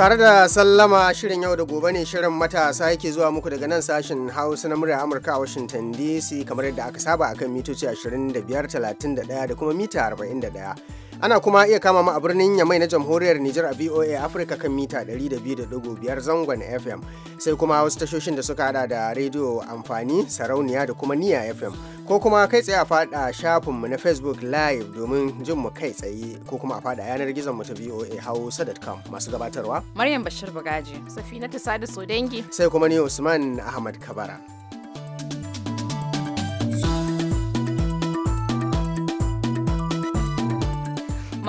Tare da sallama shirin yau da gobe ne shirin matasa yake zuwa muku daga nan sashen Hausa na murya Amurka a Washington DC kamar yadda aka saba akan mitoci 25, 31 da kuma mita 41. ana kuma iya kama mu a birnin yamai na jamhuriyar Nijar a VOA afirka kan mita 200.5 zangon FM sai kuma wasu tashoshin da suka hada da rediyo amfani sarauniya da kuma niya FM ko kuma kai tsaye a fada shafinmu na Facebook live domin jin mu kai tsaye ko kuma a fada yanar gizon mu ta VOA Hausa.com masu gabatarwa Maryam Bashir Bagaji Safina Tasadu Sodengi sai kuma ni Usman Ahmad Kabara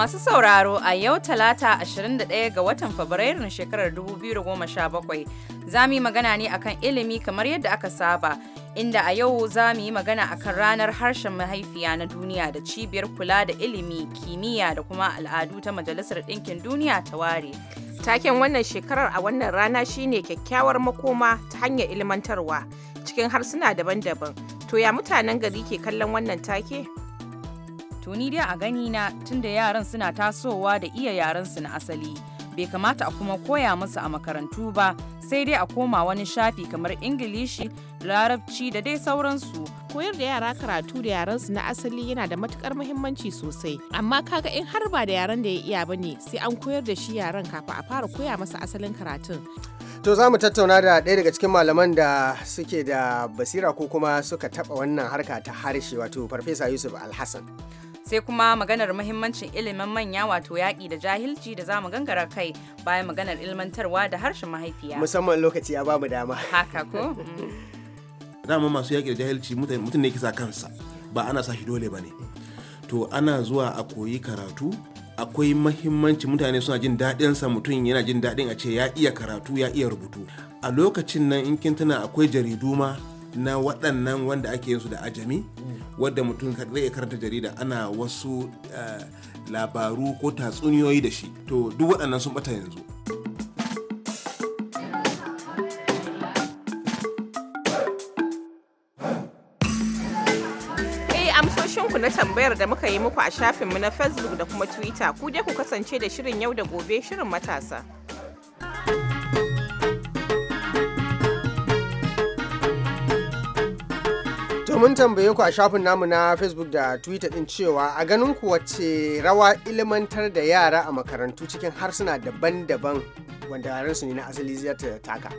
Masu sauraro a yau talata 21 ga watan Fabrairun shekarar 2017 za mu yi magana ne akan ilimi kamar yadda aka saba inda a yau za mu yi magana akan ranar harshen mahaifiya na duniya da cibiyar kula da ilimi, kimiyya da kuma al'adu ta Majalisar Ɗinkin Duniya ta ware. Taken wannan shekarar a wannan rana shine kyakkyawar makoma ta hanyar ilmantarwa cikin harsuna daban-daban. To ya mutanen gari ke kallon wannan take? to ni dai a gani na tunda yaran suna tasowa da iya su na asali bai kamata a kuma koya musu a makarantu ba sai dai a koma wani shafi kamar ingilishi larabci da dai sauransu koyar da yara karatu da yarensu na asali yana da matukar muhimmanci sosai amma kaga in har ba da yaren da ya iya ba ne sai an koyar da shi yaran kafin a fara koya masa asalin karatun to za mu tattauna da ɗaya daga cikin malaman da suke da basira ko kuma suka taɓa wannan harka ta harshe wato farfesa yusuf alhassan sai kuma maganar mahimmancin ilimin manya wato yaƙi da jahilci da zamu gangara kai bayan maganar ilmantarwa da harshen mahaifiya musamman lokaci ya bamu dama haka ko mm-hmm. dama masu yaƙi da jahilci mutum ne kisa kansa ba ana sa shi dole ba ne to ana zuwa a koyi karatu akwai mahimmanci mutane suna jin daɗin sa mutum yana jin daɗin a ce ya iya karatu ya iya rubutu a lokacin nan in kin tana akwai jaridu ma na waɗannan wanda ake yin su da ajami wadda mutum zai karanta jarida ana wasu eh, labaru ko tatsuniyoyi da shi to duk waɗannan sun ɓata yanzu eh, ku na tambayar da muka yi muku a shafinmu na facebook da kuma twitter ku je ku kasance da shirin yau da gobe shirin matasa mun tambaye ku a shafin namu na facebook da twitter din cewa a ganin ku wace rawa ilimantar da yara a makarantu cikin harsuna daban-daban wanda yaransu ne na asali zai taka.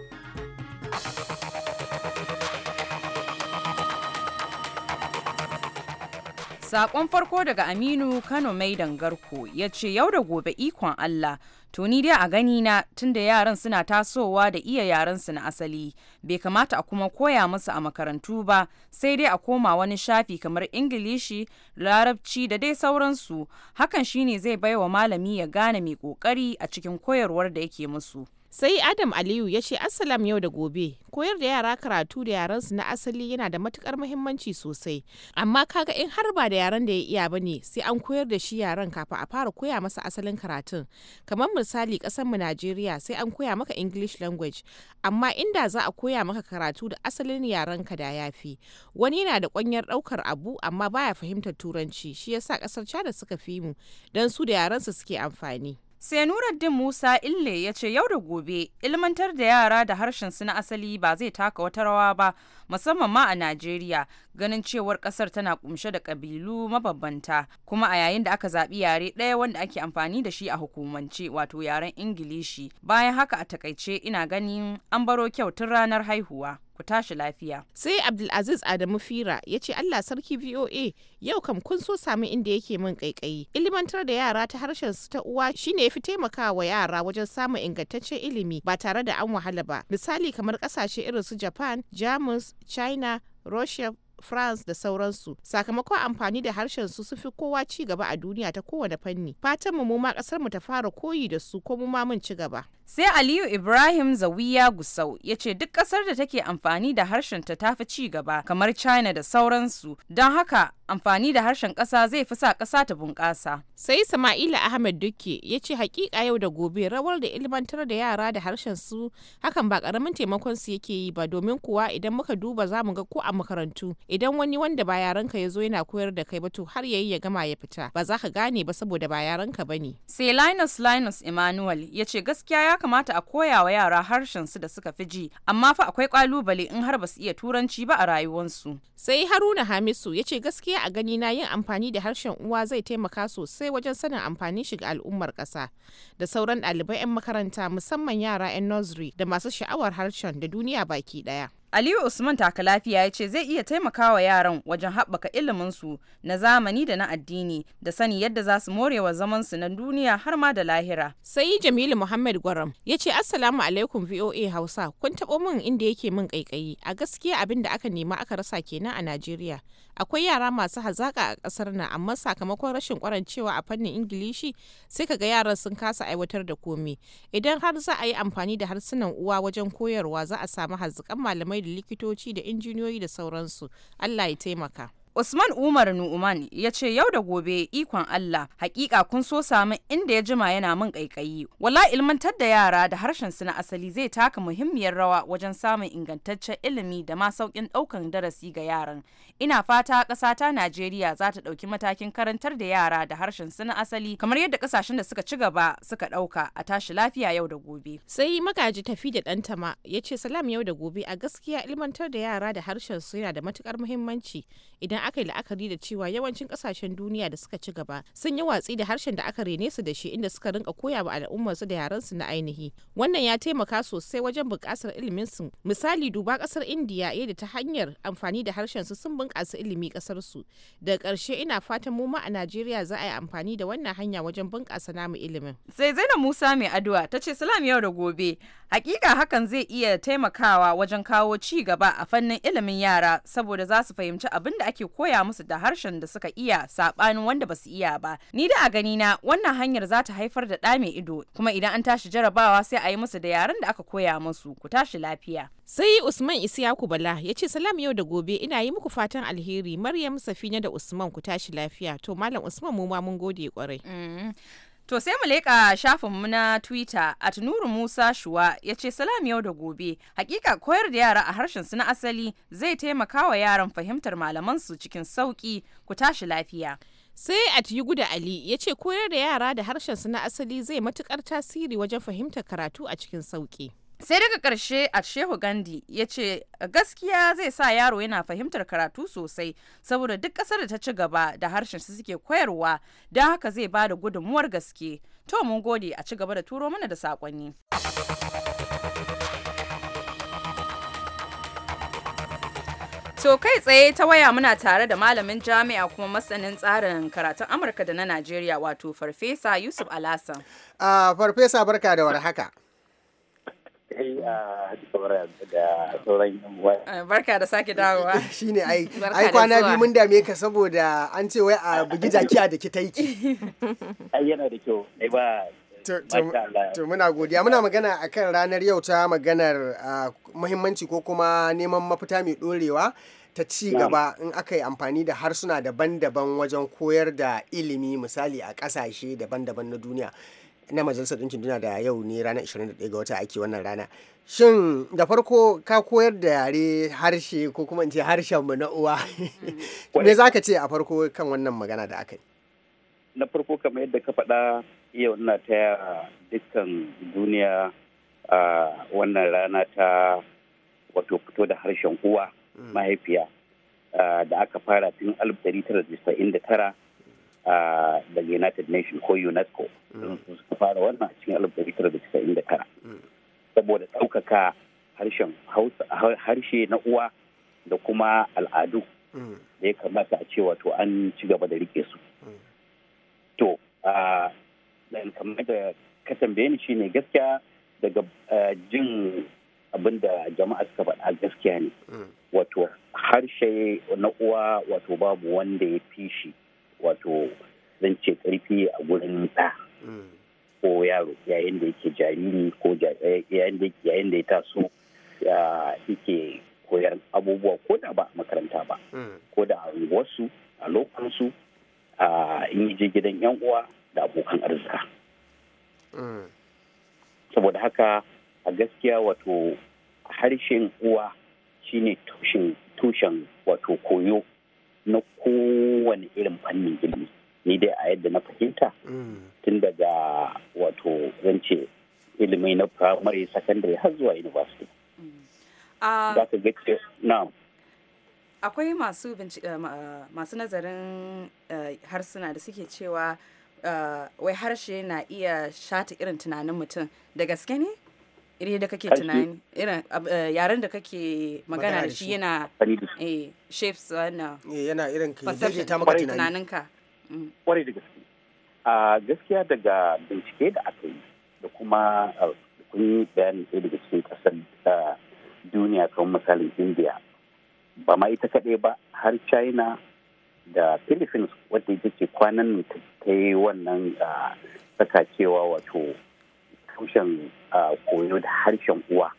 Sakon farko daga Aminu Kano mai dangarku ya ce yau da gobe ikon Allah to ni dai a gani na tunda yaran suna tasowa da iya yarensu na asali bai kamata a kuma koya musu a makarantu ba sai dai a koma wani shafi kamar ingilishi larabci da dai sauransu hakan shine zai baiwa malami ya gane mai kokari a cikin koyarwar da yake musu. sai adam aliyu ya ce assalam yau da gobe koyar da yara karatu da yaransu na asali yana da matukar muhimmanci sosai amma kaga in har ba da yaran da ya iya ba ne sai an koyar da shi yaran kafin a fara koya masa asalin karatun kamar misali mu najeriya sai an koya maka english language amma inda za a koya maka karatu da asalin yaran ka da yafi wani yana da kwanyar daukar abu amma baya fahimtar turanci shi yasa kasar chada suka fi mu dan su da yaransu suke amfani sai nuruddin musa ille ya ce yau da gobe ilmantar da yara da harshen su na asali ba zai taka wata rawa ba musamman ma a najeriya ganin cewar kasar tana kumshe da kabilu mababbanta kuma a yayin da aka zaɓi yare ɗaya wanda ake amfani da shi a hukumance wato yaren ingilishi bayan haka a takaice ina ganin an baro kyau tun ranar haihuwa ku tashi lafiya. Sai Abdulaziz Adamu Fira ya ce Allah sarki VOA yau kam kun so sami inda yake min kaikayi. Ilimantar da yara ta harshen su ta uwa shine yafi taimakawa yara wajen samun ingantaccen ilimi ba tare da an wahala ba. Misali kamar kasashe irin su Japan, Jamus, China, Russia, France da sauransu. Sakamakon amfani da harshen su sun fi kowa ci gaba a duniya ta kowane fanni. Fatan mu ma kasar mu ta fara koyi da su ko mu ma mun ci gaba. sai aliyu ibrahim zawiya gusau ya ce duk kasar da take amfani da harshen ta tafi ci gaba kamar china da sauransu don haka amfani da harshen kasa zai fi sa kasa ta bunƙasa sai sama'ila ahmed duke ya ce hakika yau da gobe rawar da ilmantar da yara da harshen su hakan ba karamin taimakon su yake yi ba domin kuwa idan muka duba za mu ga ko a makarantu idan wani wanda ba yaran ka yazo yana koyar da kai ba to har yayi ya gama ya fita ba za ka gane ba saboda ba yaran ka bane sai linus linus emmanuel ya ce gaskiya ya kamata a koya wa yara harshen su da suka fi ji, amma fa akwai kalubale in har basu iya turanci ba a rayuwarsu. Sai Haruna Hamisu ya ce gaskiya a gani na yin amfani da harshen uwa zai taimaka sosai wajen sanin amfanin shiga al'ummar ƙasa da sauran ɗalibai 'yan makaranta musamman yara 'yan nursery da masu sha'awar harshen da duniya baki ɗaya. Aliyu Usman taka lafiya ya ce zai iya taimakawa yaran wajen haɓaka iliminsu na zamani da na addini da sani yadda za su morewa su na duniya har ma da lahira. Sai Jamilu Muhammad Gwaram ya ce Assalamu alaikum VOA Hausa kun taɓo min inda yake min ƙaiƙayi a gaskiya abin da aka nema aka rasa kenan a Najeriya. akwai yara masu hazaka a kasar nan amma sakamakon rashin kwarancewa a fannin ingilishi sai kaga yaran sun kasa aiwatar da komi idan har za a yi amfani da harsunan uwa wajen koyarwa za a samu haziƙan malamai da likitoci da injiniyoyi da sauransu allah ya taimaka Usman Umar Nu'uman ya ce yau da gobe ikon Allah hakika kun so samu inda ya jima yana min kaikayi. Wala ilmantar da yara da harshen su na asali zai taka muhimmiyar rawa wajen samun ingantaccen ilimi da ma saukin daukan darasi ga yaran. Ina fata ƙasa ta Najeriya za ta ɗauki matakin karantar da yara da harshen su na asali kamar yadda ƙasashen da suka ci gaba suka ɗauka a tashi lafiya yau da gobe. Sai magaji tafi da ma ya ce salam yau da gobe a gaskiya ilmantar da yara da harshen su yana da matukar muhimmanci idan aka yi la'akari da cewa yawancin kasashen duniya da suka ci gaba sun yi watsi da harshen da aka rene su da shi inda suka rinka koya wa al'ummarsu da yaran su na ainihi wannan ya taimaka sosai wajen bunƙasar ilimin su misali duba kasar indiya yadda eh, ta hanyar amfani da harshen su sun bunƙasa ilimi kasar su da ƙarshe ina fatan mu ma a najeriya za a yi amfani da wannan hanya wajen bunƙasa namu ilimin sai zainab musa mai addu'a ta ce salam yau da gobe hakika hakan zai iya taimakawa wajen kawo ci gaba a fannin ilimin yara saboda za su fahimci abin da ake koya musu da harshen da suka iya saɓanin wanda basu iya ba ni da a gani na wannan hanyar za ta haifar da ɗa mai ido kuma idan an tashi jarabawa sai a yi musu da yaren da aka koya musu ku tashi lafiya sai usman isiyaku bala ya ce salam yau da gobe ina yi muku fatan alheri maryam safina da usman ku tashi lafiya to malam usman mu ma mun gode kwarai mm. To sai mu leƙa shafinmu na Twitter a Tunuru Musa Shuwa ya ce salam yau da gobe. Hakika koyar da yara a harshen su na asali zai taimaka wa yaran fahimtar malamansu cikin sauƙi ku tashi lafiya. sai at guda ali ya ce koyar da yara da harshen su na asali zai matukar tasiri wajen fahimtar karatu a cikin sauki sai daga ƙarshe a shehu gandhi ya ce gaskiya zai sa yaro yana fahimtar karatu sosai saboda duk ƙasar da ta ci gaba da harshen su suke koyarwa don haka zai ba da gudunmuwar gaske to mun gode a ci gaba da turo mana da saƙonni. To kai tsaye ta waya muna tare da malamin jami'a kuma masanin tsarin karatun Amurka da na Najeriya wato Farfesa Yusuf Alasan. Ah, Farfesa barka da warhaka. Barka da sake dawowa. Shi ne ai, kwana biyu mun dame ka saboda an ce wai a bugi jaki da ki Ai yana da kyau, ai ba To muna godiya muna magana akan ranar yau ta maganar muhimmanci ko kuma neman mafita mai dorewa ta ci gaba in aka yi amfani da harsuna daban-daban wajen koyar da ilimi misali a ƙasashe daban-daban na duniya. na majalisar ɗinkin duniya da yau ne ranar 21 ga wata ake wannan rana shin da farko ka koyar da yare harshe ko kuma in ce harshen mu na uwa me za ka ce a farko kan wannan magana da aka yi na farko kamar yadda ka faɗa yau ina taya dukkan duniya a wannan rana ta wato fito da harshen uwa mm. mahaifiya da aka fara tun 1999 a da united nation ko unesco su fara wannan a cikin alif dari da casa'in da tara saboda ɗaukaka harshen harshe na uwa da kuma al'adu da ya kamata a ce wato an ci gaba da rike su to kamar da ka tambaye ni shine gaskiya daga jin abin da jama'a suka faɗa gaskiya ne mm. wato harshe na uwa wato babu wanda ya fi shi wato zan ce karfi a gurin ɗa mm. ko yaro yayin da yake jariri ko eh, yayin da ya taso ya yake koyar abubuwa ko da ba makaranta ba mm. ko da a unguwarsu a lokansu a yi je gidan yan uwa da abokan arzika mm. saboda haka a gaskiya wato harshen uwa shine tushen wato koyo na kowane irin fannin ilimi ni dai a yadda na fahimta mm. tun daga wato zance ilimi na primary secondary har zuwa university mm. ah, za ka gace na akwai masu masu nazarin eh, harsuna da suke cewa eh, wai harshe na iya shata irin tunanin mutum da gaske ne iri da kake tunani irin eh, yaren da kake magana da shi yana eh shapes wannan eh, yana irin ka ta maka tunaninka mm. kwarai da gaske a gaskiya daga bincike da aka yi da kuma kun yi bayani sai daga cikin ƙasar duniya kamar misalin india ba ma ita kaɗai ba har china da philippines wadda ita ce kwanan ta yi wannan saka cewa wato tushen koyo da harshen uwa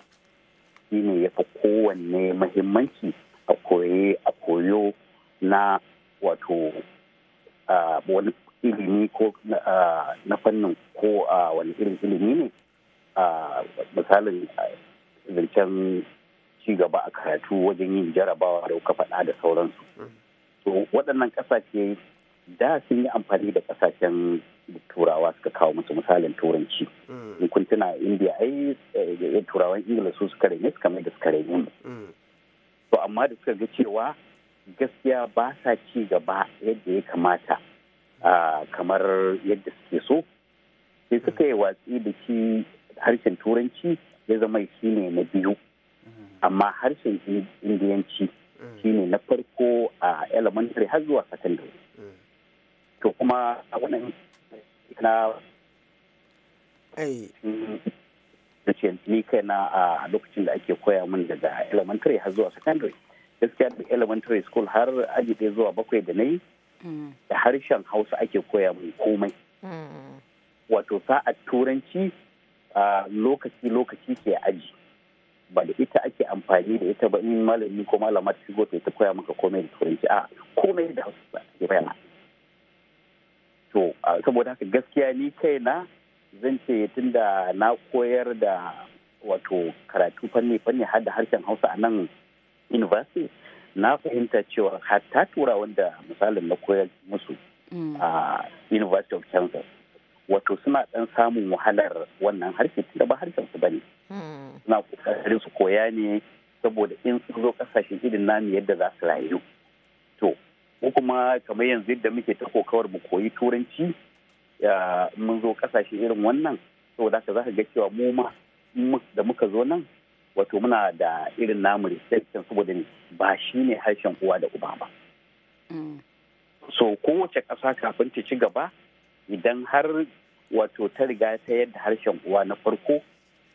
shine ya fi kowanne mahimmanci a koye a koyo na wato wani ilimi ko na fannin ko wani irin ilimi ne misalin zancen gaba a karatu wajen yin jarabawa da kuka faɗa da sauransu mm. to waɗannan ƙasashe da sun yi amfani da ƙasashen turawa suka kawo musu misalin turanci mm. in kun tuna indiya ai eh, turawan ingila su suka rene suka mai da suka rene mm. to amma da suka ga cewa gaskiya ba sa ci gaba yadda ya kamata kamar yadda suke so sai suka yi watsi da shi harshen turanci ya zama shi ne na biyu mm. amma harshen indiyanci shi ne na farko a elementary har zuwa secondary to kuma a wannan na na ce ni kaina a lokacin da ake koya min daga elementary har zuwa secondary gaskiya da elementary school har aji ɗaya zuwa bakwai da na yi mm. da harshen hausa ake koya min komai mm. wato sa'a turanci lokaci-lokaci ke aji ba da ita ake amfani da ita ba in malami ko malama ta shigo ta koya maka komai da turanci a komai da hausa ke bayana to saboda haka gaskiya ni kaina zan ce tunda na koyar da wato karatu fanni fanni har da harshen hausa a nan university na fahimta cewa hatta tura wanda misalin na koyar musu mm. a university of kansas wato suna dan samun wahalar wannan harshe tunda ba harshen su bane mm. suna kokarin su koya ne saboda in sun zo kasashen irin namu yadda za su rayu ko kuma kamar yanzu yadda muke ta kokawar mu koyi turanci mun zo kasashe irin wannan saboda haka zaka ga cewa mu ma da muka zo nan wato muna da irin namu reception saboda ba shi ne harshen uwa da uba ba mm. so kowace ƙasa kafin ta ci gaba idan har wato ta riga ta yadda harshen uwa na farko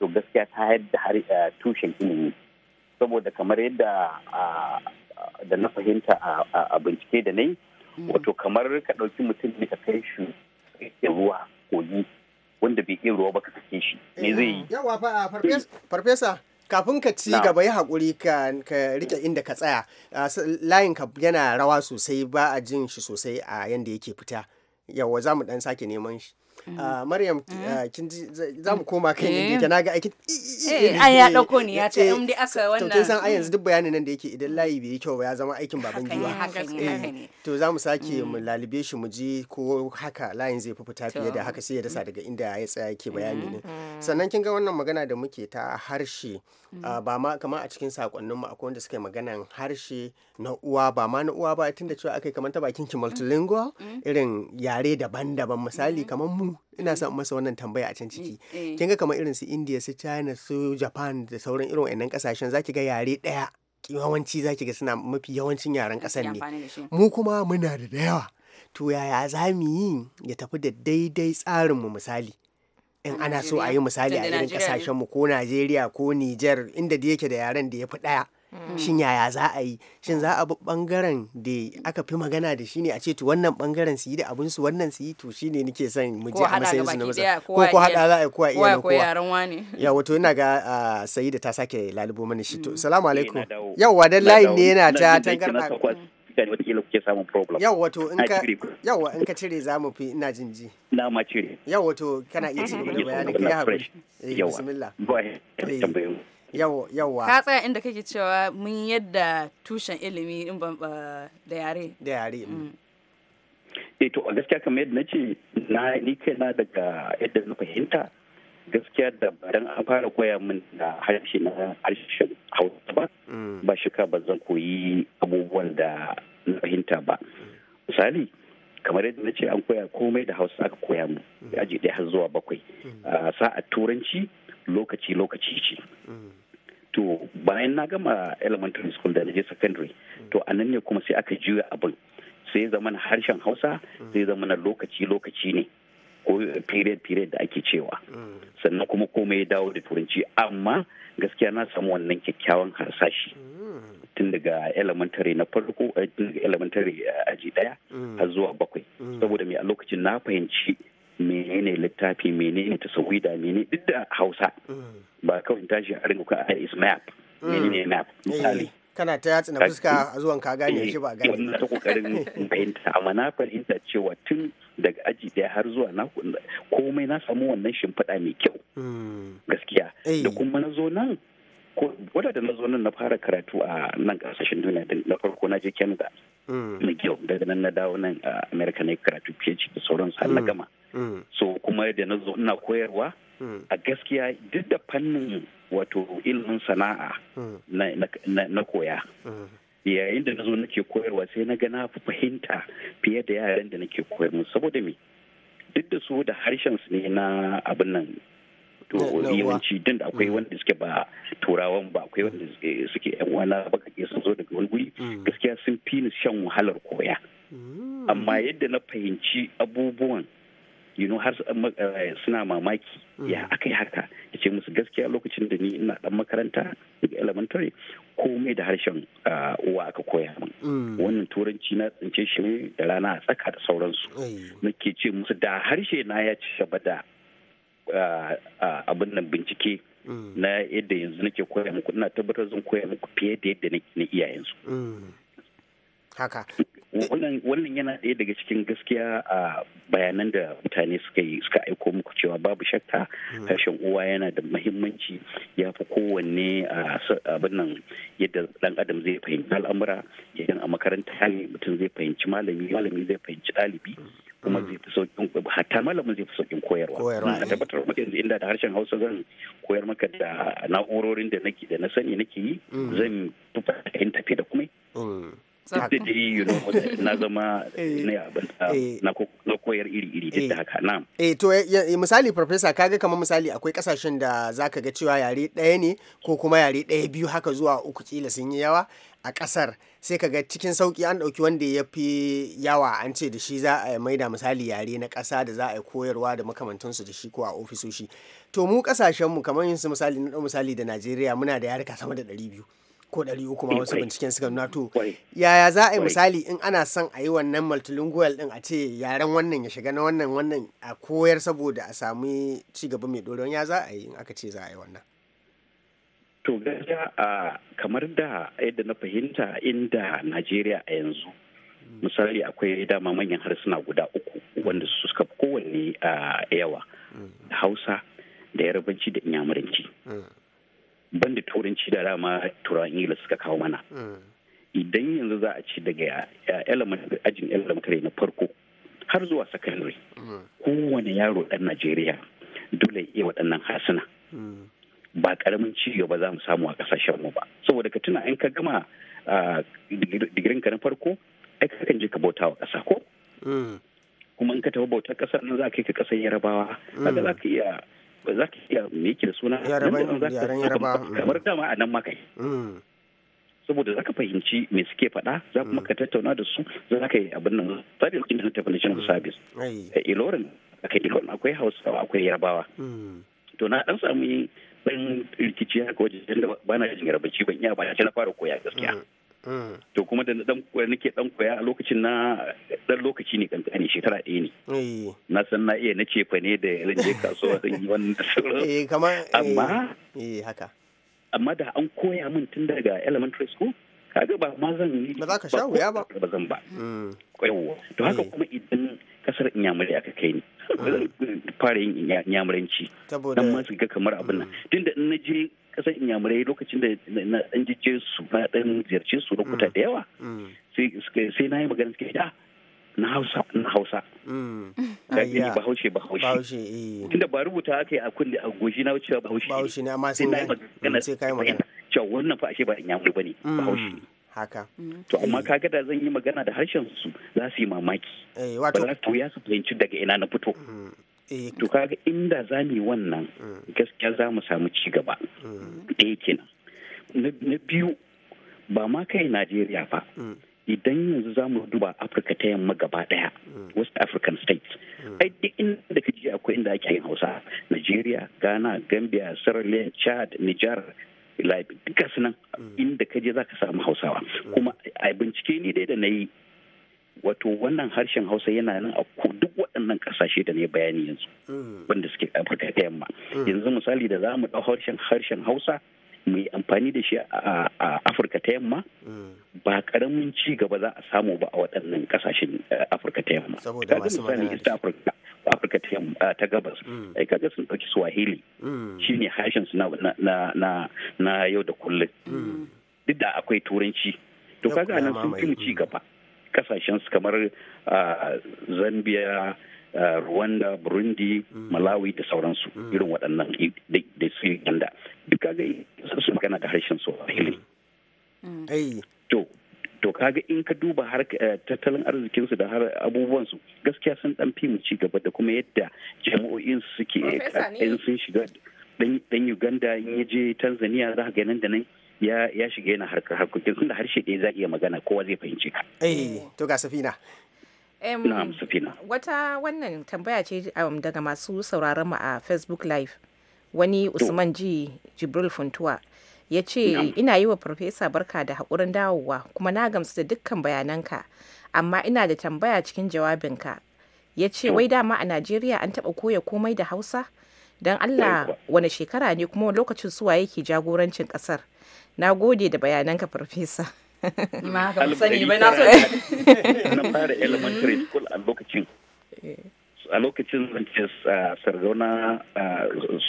to gaskiya ta yadda eh, tushen ilimi saboda kamar yadda ah, da na fahimta a bincike da na yi mm. wato kamar ka ɗauki mutum ne ka kai shi ruwa kogi wanda bai iya ruwa ba ka kake shi ne zai yi yawa fa farfesa kafin ka ci gaba ya haƙuri ka rike inda ka tsaya layin ka yana rawa sosai ba a jin shi sosai a yanda yake fita yawa za mu dan sake neman shi Mm. Ah, Maryam mm. ah, kin ji za mu koma kan inda eh. yake naga aikin eh, an ya dauko ni ya ce eh, in aka wannan to san a yanzu mm. duk bayanin nan da yake idan layi bai yi kyau ba ya zama aikin baban giwa to za mu sake mu lalibe shi mu ji ko haka layin zai fi fita fiye da haka sai ya dasa daga inda ya tsaya ke bayani ne sannan kin ga wannan magana da muke ta harshe ah, ba ma kamar a cikin mu akwai wanda suka yi maganan harshe na uwa ba ma na uwa ba tunda cewa aka kamar ta bakin ki multilingual irin yare daban-daban misali kamar mu ina son masa wannan tambaya a can ciki mm, eh. kin ga kamar irin su India su China su Japan da sauran irin wayannan kasashen zaki ga yare daya yawanci zaki ga suna mafi yawancin yaren kasan ne mu kuma muna da dayawa. yawa to yaya za mu yi ya tafi da daidai tsarin mu misali in ana so a yi misali a irin kasashen mu ko najeriya ko niger inda da yake da yaren da yafi fi ɗaya shin yaya za a yi shin za a bi bangaren da aka fi magana da shi ne a ce to wannan bangaren su yi da abin su wannan su yi to shi ne nike son mu je a matsayin su na masa ko ko hada za a yi a iya ko yaran wani ya wato ina ga sayi da ta sake lalubo mana shi to assalamu mm. eh, alaikum yawwa dan layin ne yana ta tangarda mutane Yau wato in ka yau in ka cire za mu fi ina jin ji. Na ma cire. Yau wato kana iya cire gaba bayani, bayanin ka ya haƙuri. Eh, yau bismillah. Go ahead. Eh. yawwa ka tsaya inda kake cewa mun yadda tushen ilimi in ban da yare da yare eh to gaskiya kamar yadda nace na ni kaina daga yadda na fahimta gaskiya da baran an fara koya min da harshe na harshen hausa ba mm. ba shika ba zan koyi abubuwan da na fahimta ba misali kamar yadda na an koya komai da hausa aka koya mu aji daya har zuwa bakwai ah, sa'a turanci lokaci-lokaci ce. Mm. To bayan na gama elementary school da na secondary mm. to a nan ne kuma sai aka juya abin sai zama na harshen hausa mm. sai zama na lokaci-lokaci ne ko period-period da ake cewa. Sannan kuma komai ya dawo da turanci amma gaskiya na samu wannan kyakkyawan harsashi. tun daga elementary na farko eh, elementary eh, aji daya har zuwa bakwai saboda mai a lokacin na fahimci menene littafi menene ta tasawida menene duk da hausa ba kawai tashi a rinka a ah, is map menene map misali eh, kana ta yatsa na fuska a zuwan ka gane eh, shi ba gane wannan ta kokarin fahimta amma na fahimta cewa tun daga aji daya har zuwa na komai na samu wannan shimfiɗa mai kyau hmm. gaskiya eh. da kuma na zo nan wadda da na zo nan na fara karatu a nan kasashen duniya na farko na je canada na hmm. kyau daga nan na dawo nan a america na karatu phd da sauransu har na hmm. gama Mm. so kuma yadda na zo ina koyarwa mm. a gaskiya duk da fannin wato ilimin sana'a mm. na koya yayin da na zo nake koyarwa sai na ga na fahimta fiye da yaran da nake koyar mu saboda me duk da su da harshen su ne na abin nan to yawanci din da akwai wanda suke ba turawan ba akwai wanda suke yan wani bakake sun zo daga wani guri gaskiya sun fi ni shan wahalar koya amma yadda na fahimci abubuwan you know har eh, eh, suna mamaki mm. ya aka yi haka ya ce musu gaskiya lokacin da ni ina dan makaranta daga elementary komai da harshen ah, uwa aka koya min mm. wannan turanci na tsince shi ne da rana a tsaka da sauransu nake ce musu da harshe na ya ci da ah, ah, abin nan bincike mm. na yadda yanzu nake koya muku ina tabbatar zan koya muku fiye da yadda na iyayensu haka wannan yana ɗaya daga cikin gaskiya a bayanan da mutane suka yi suka aiko muku cewa babu shakka hmm. harshen uwa yana da muhimmanci. ya fi kowanne abin nan yadda ɗan adam zai fahimci al'amura idan a makaranta hali mutum zai fahimci malami malami zai fahimci ɗalibi kuma hmm. zai fi sauƙin, hatta malamin zai fi sauƙin koyarwa na eh. tabbatar maka yanzu inda da harshen hausa zan koyar maka da na'urorin da nake da na sani nake yi hmm. zan fi fahimta da kuma Eh. da dai eh. na koyar iri-iri duk da eh. haka Eh to misali farfesa kaga kamar misali akwai kasashen da za ka ga cewa yare ɗaya ne ko kuma yare ɗaya biyu haka zuwa uku kila sun yi yawa a ƙasar sai ka ga cikin sauki an ɗauki wanda ya fi yawa an ce da shi za a da misali yare na ƙasa da za a yi koyarwa da makamantansu da shi ko a ofisoshi to mu ƙasashenmu kamar yin su misali na misali da najeriya muna da yarika sama da ɗari biyu ko ɗari uku ma mm, wasu binciken suka nuna to yaya za a yi misali in ana son a yi wannan multilingual din a ce yaren wannan ya shiga na wannan wannan a koyar saboda a sami gaba mai doron ya za a yi in aka ce za a yi wannan to gaskiya a kamar da yadda na fahimta inda najeriya a yanzu mm. misali akwai dama manyan harsuna guda uku wanda su suka fi kowanne a yawa mm. hausa da yarabanci da inyamuranci Ban da turanci da rama turawan ingila suka kawo mana idan yanzu za a ci daga ajin elementary na farko har zuwa secondary kowane yaro dan najeriya dole iya waɗannan harsuna ba karamin ci gaba za mu samu a kasashen mu ba saboda ka tuna in ka gama digirin ka na farko ai ka je ka bauta wa ƙasa ko mm. kuma in ka tafi bautar ƙasar nan za ka yi ka ƙasar yarabawa Haka za ka iya ba za ka iya me yake da suna yaren kamar dama a nan makai mm. saboda za ka fahimci me suke faɗa za kuma mm. ka tattauna da su za ka yi abin nan tsarin lokacin da na tafi national mm. service a eh, ilorin akai ilorin akwai hausawa akwai yarbawa to na dan samu ɗan rikici haka wajen da ba na jin yarabaci ban iya ba na fara koya gaskiya to kuma da dan nake dan koya a lokacin na dan lokaci ne kankani shekara ɗaya ne eh. na san na iya na fa ne da ran je kasuwa zan yi wannan sauran eh, eh. amma haka amma da an koya min tun daga elementary school kaga ba ma zan yi ba za ka sha wuya ba ba zan ba mm. yawwa to haka kuma idan kasar inyamuri aka kai ni mm. fara yin inyamuranci dan ma su ga kamar abin nan mm. tunda in na je kasar inyamurai lokacin da na dan jije su na dan ziyarce su lokuta mm. da yawa mm. sai na yi magana suke da ah, na hausa na hausa ba mm. gani bahaushe bahaushe eh. tunda ba rubuta aka yi a kulle a goshi na wucewa ba bahaushe ne amma sai na yi magana sai kai magana cewa wannan fa ashe ba inyamurai bane ba ne haka. To amma kaga da zan yi magana da harshen su za su yi mamaki. Eh, wato. Ba za su ya su fahimci daga ina na fito. Eh. to kaga inda za mu yi wannan mm. gaskiya za mu samu ci gaba mm. ɗaya kenan na biyu ba ma kai najeriya ba mm. idan yanzu za mu duba afirka ta yamma gaba daya west african states ai duk inda kaji akwai inda ake yin hausa nigeria ghana gambia sierra leone chad niger duka nan inda kaje za ka samu hausawa kuma a bincike ne dai da na yi wato wannan harshen hausa yana nan a duk waɗannan ƙasashe da ne bayani yanzu mm. wanda suke afirka ta yamma mm. yanzu misali da za mu ɗau harshen harshen hausa mu yi amfani da shi a afirka ta yamma mm. ba ƙaramin ci gaba za a samu ba a waɗannan ƙasashen eh, afirka ta yamma kaga misali east africa afirka ta yamma eh, ta gabas kaga sun ɗauki swahili shine harshen su na yau da kullum duk da akwai turanci to kaga nan sun fi mu ci gaba kasashen su kamar zambia rwanda burundi mm. malawi da sauransu mm. irin waɗannan da su ganda duk kaga su magana da harshen swahili mm. to to kaga in ka duba har eh, tattalin arzikinsu da har abubuwansu gaskiya sun dan fi mu ci gaba da kuma yadda jami'o'in suke eh, sun shiga dan uganda in ya je tanzania za ka nan da nan ya shiga yana harkar harkokin tunda harshe ɗaya za iya magana kowa zai fahimci ka eh to ga safina Em Safina. Wata wannan tambaya ce um, daga masu sauraron mu a Facebook Live. Wani Usman Ji Jibril Funtuwa ya ce ina yi wa farfesa barka da haƙurin dawowa kuma na gamsu da dukkan bayananka amma ina da tambaya cikin jawabinka ya ce wai dama a najeriya an taɓa koya komai da hausa don allah wani shekara ne kuma lokacin suwa yake jagorancin kasar na gode da bayananka farfesa ba school a lokacin eh. zance sardauna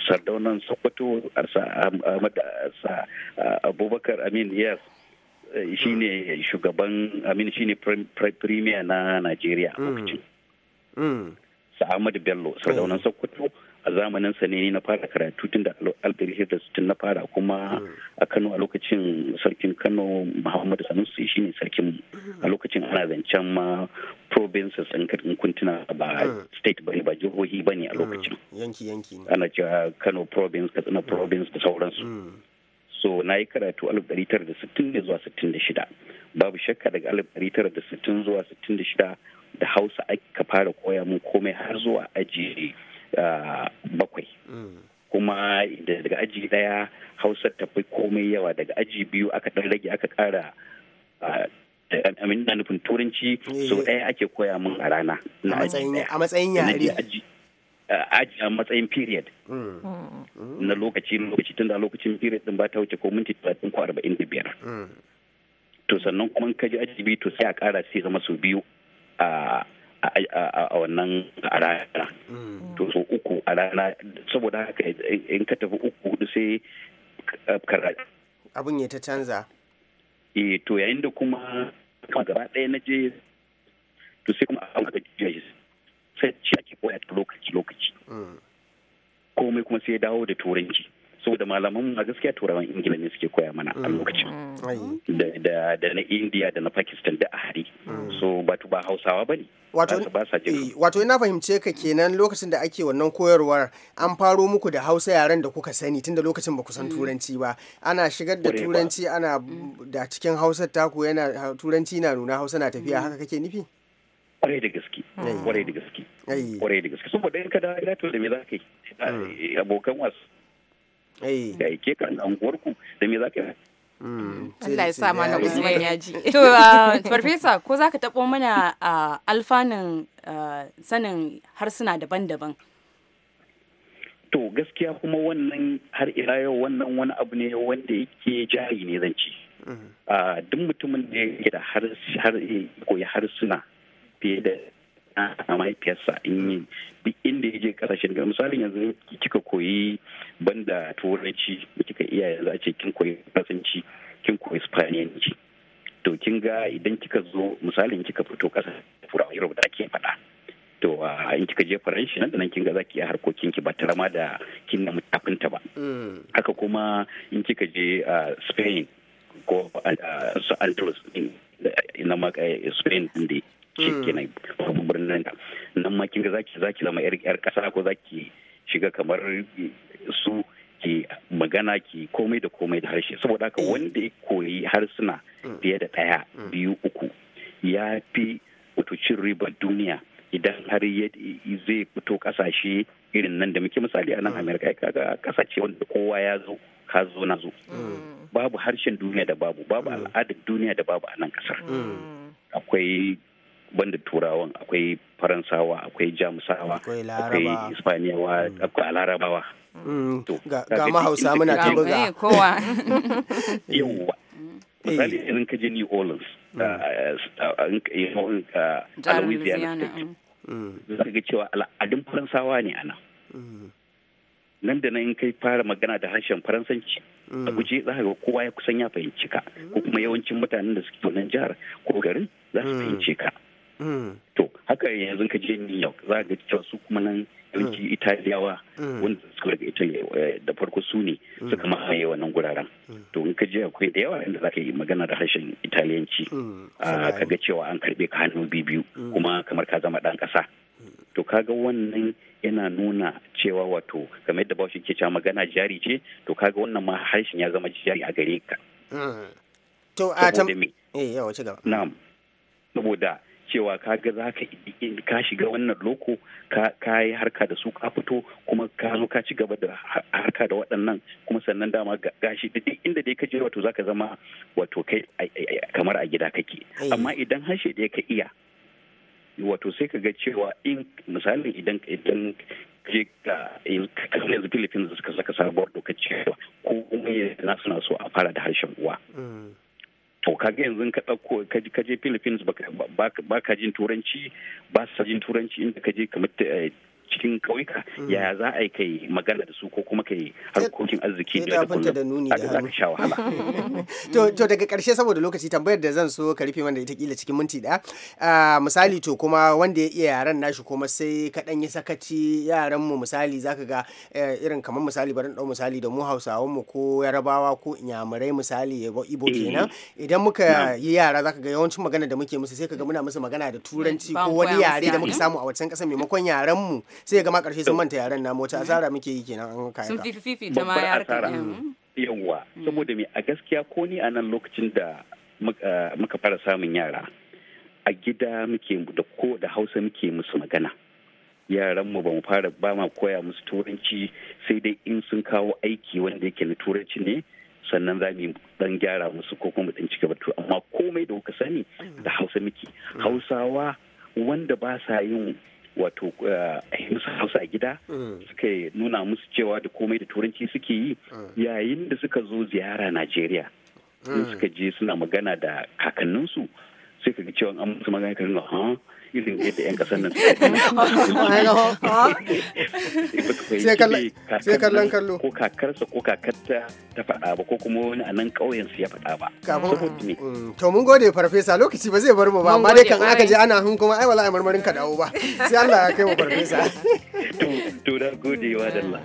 sardaunan sokoto abubakar amin yes eh, shi ne shugaban amin shi ne premier na nigeria a mm. lokacin mm. sa bello sardaunan mm. sokoto a zamanin sa ne na fara karatu tun da sittin na fara kuma a Kano a lokacin sarkin Kano Muhammadu Sanusi shine sarkin a lokacin ana zancen ma provinces ɗin kuntuna ba mm. state ba ne ba jihohi ba ne a mm. lokacin yanki yanki ana cewa Kano province Katsina mm. province da sauransu so na yi karatu tara da sittin ne zuwa sittin da shida. babu shakka daga tara da sittin zuwa sittin da hausa aka fara koya mun komai har zuwa ajiye bakwai kuma daga aji daya hausa ta fi komai yawa daga aji biyu aka ɗan rage aka ƙara eh, amin na nufin turanci so eh. ɗaya ake koya min a rana a matsayin yare a matsayin period mm. na lokaci lokaci tun da lokacin period din ba ta wuce ko minti talatin ko arba'in da biyar mm. to sannan kuma kaji aji biyu to sai a ƙara sai zama su biyu a a wannan a rana mm. to so uku a rana saboda haka in ka tafi uku hudu sai abun ya ta canza eh to yayin da kuma kuma gaba ɗaya na je to sai kuma a ga jiya sai ci ake koya lokaci lokaci mm. komai kuma sai ya dawo da turanci saboda malaman a gaskiya turawan ingila ne suke koya mana a mm. lokacin da na India da na pakistan da a hari mm. so batu ba hausawa ba ne eh, wato ina fahimce ka kenan lokacin da ake wannan koyarwar an faro muku da hausa yaren da kuka sani tunda lokacin ba ku san mm. turanci ba ana shigar da turanci ana da cikin Hausa taku yana turanci na nuna hausa na tafiya haka kake nufi kwarai da gaske kwarai da gaske kwarai da gaske saboda in ka da to da me za ka yi abokan wasu Eh. ya aike ka na unguwarku da me za ka yi mm. Mm. Allah ya sa mana Usman ya ji. To, uh, Farfesa, ko za ka taɓo mana uh, alfanun uh, sanin harsuna daban-daban? To, gaskiya kuma wannan har ila yau wannan wani abu ne wanda yake jari ne zan ci. Mm. Duk mutumin da yake da koyi harsuna fiye da a mahaifiyarsa in yi duk inda ya je kasashen da misali yanzu kika koyi banda turanci da kika iya yanzu a ce kin koyi fasanci, kin koyi spaniyanci to kin ga idan kika zo misalin kika fito kasa fura irin da ake faɗa to ah, in kika je faranshi nan da nan kin ga zaki iya harkokin ki ba tare ma da kin na mutafinta ba mm. haka kuma in kika je ah, spain ko su ah, andalus eh, na eh, spain din shi mm. kenan babban birnin ka nan ma kin ga zaki zaki zama yar yar kasa ko zaki shiga kamar su ki magana ki komai da komai da harshe saboda haka eh. wanda ya koyi harsuna mm. fiye da ɗaya mm. biyu uku ya fi wato cin ribar duniya idan har zai fito kasashe irin nan da muke misali a nan amerika kaga kasace wanda kowa ya zo ka zo na zo babu harshen duniya da babu babu al'adar duniya da babu a nan kasar akwai banda turawan akwai faransawa akwai jamusawa akwai hispaniyawa akwai larabawa mm. mm. ga ma hausa muna ta buga eh, kowa yawa eh. misali irin ka je new orleans mm. uh, uh, a uh, louisiana state za ka ga cewa al'adun faransawa ne ana nan da nan kai fara magana da harshen faransanci a guje za ga kowa ya kusan ya fahimci ka ko kuma yawancin mutanen da suke nan jihar ko garin za su fahimce ka Mm. to haka yanzu ka je new york za ga cewa su kuma nan mm. yanki italiyawa mm. wanda suka daga ita eh, da farko su ne suka mahaye wannan guraren to in ka je akwai da yawa inda za ka yi magana da harshen italiyanci ah, ka ga cewa an karbe ka hannu biyu kuma kamar ka zama dan kasa to kaga wannan yana nuna cewa wato kamar yadda bawashi ke cewa magana jari ce to kaga wannan ma harshen ya zama jari a gare ka to a tam eh yawa ci gaba na'am saboda cewa kaga ga za ka ka shiga wannan loko ka yi harka da su ka fito kuma ka zo ka ci gaba da harka da waɗannan kuma sannan dama gashi duk inda dai ka je wato za zama wato kai kamar a gida kake eh. amma idan harshe da ka iya wato sai ka ga cewa in misalin idan idan je ga yanzu da suka saka sabuwar dokar cewa ko kuma yana suna so a fara da harshen uwa mm. to kaga yanzu ka ɗauko ka je philippines ba ka jin turanci ba sa jin turanci inda ka je kamar eh, cikin ƙauyuka mm. yaya za a yi kai magana da su ko kuma kai harkokin arziki da da kullum da za ka sha wahala. To daga karshe saboda lokaci tambayar da zan so ka rufe mana ita kila cikin minti da misali to kuma wanda ya iya yaran nashi kuma sai kaɗan yi sakaci yaran mu misali zaka ga eh, irin kamar misali barin ɗau misali da mu hausawan mu ko yarabawa ko inyamurai misali ibo eh, kenan idan muka yi yara zaka ga yawancin magana da muke musu sai ka ga muna musu magana da turanci ko wani yare da muka samu a wancan kasa maimakon yaran mu sai ya gama karshe sun manta yaren na mota asara muke yi kenan an kai sun fifi ta ma asara mm. mm. yawa mm. saboda me a gaskiya ko ni a nan lokacin da muka eh, fara samun yara a gida muke da ko da hausa muke musu magana Yaran mu ba mu fara ba ma koya musu turanci sai dai in sun kawo aiki wanda yake na turanci ne sannan za mu dan gyara musu ko kuma dan cika batu amma komai da kuka sani da hausa muke hausawa wanda ba sa yin wato eh, hausa gida mm. suka nuna musu cewa da komai da turanci suke yi mm. yayin da suka zo ziyara najeriya mm. suka je suna magana da kakanninsu sai ka ga cewa an musu magana kan ha Eh, tasirin yadda oh, 'yan ƙasar nan sai kallon kallo ko kakarsa ko kakarta ta faɗa ba ko kuma wani a mm, nan ƙauyen su ya faɗa ba to mun gode farfesa lokaci ba zai bar mu ba amma dai kan aka je ana hun kuma ai wala ai marmarin ka dawo ba sai Allah ya kai mu farfesa to da gode wa dalla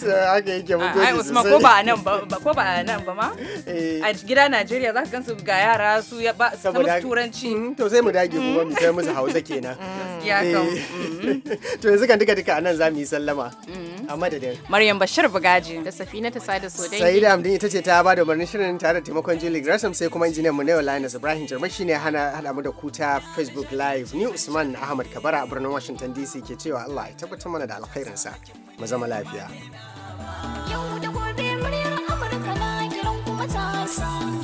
to haka yake mun ah, gode sosai ko ba nan ba ko ba nan ba ma eh. a gida Najeriya za ka gansu ga yara su ya ba su turanci mm, to sai mu dage kuma mu musu hausa kenan eh. to yanzu kan duka duka nan za mu yi sallama mm. a madadin maryam bashir bugaji da safina ta sada sodai sai da amdin ita ce ta ba da umarnin shirin tare da taimakon julie gresham sai kuma injiniyan mu na linus ibrahim jarmar ne hana hada mu da ku ta facebook live ni usman ahmad kabara a birnin washington dc ke cewa allah ya tabbatar mana da alkhairinsa mu zama lafiya yau da gobe muryar amurka na kiran kuma ta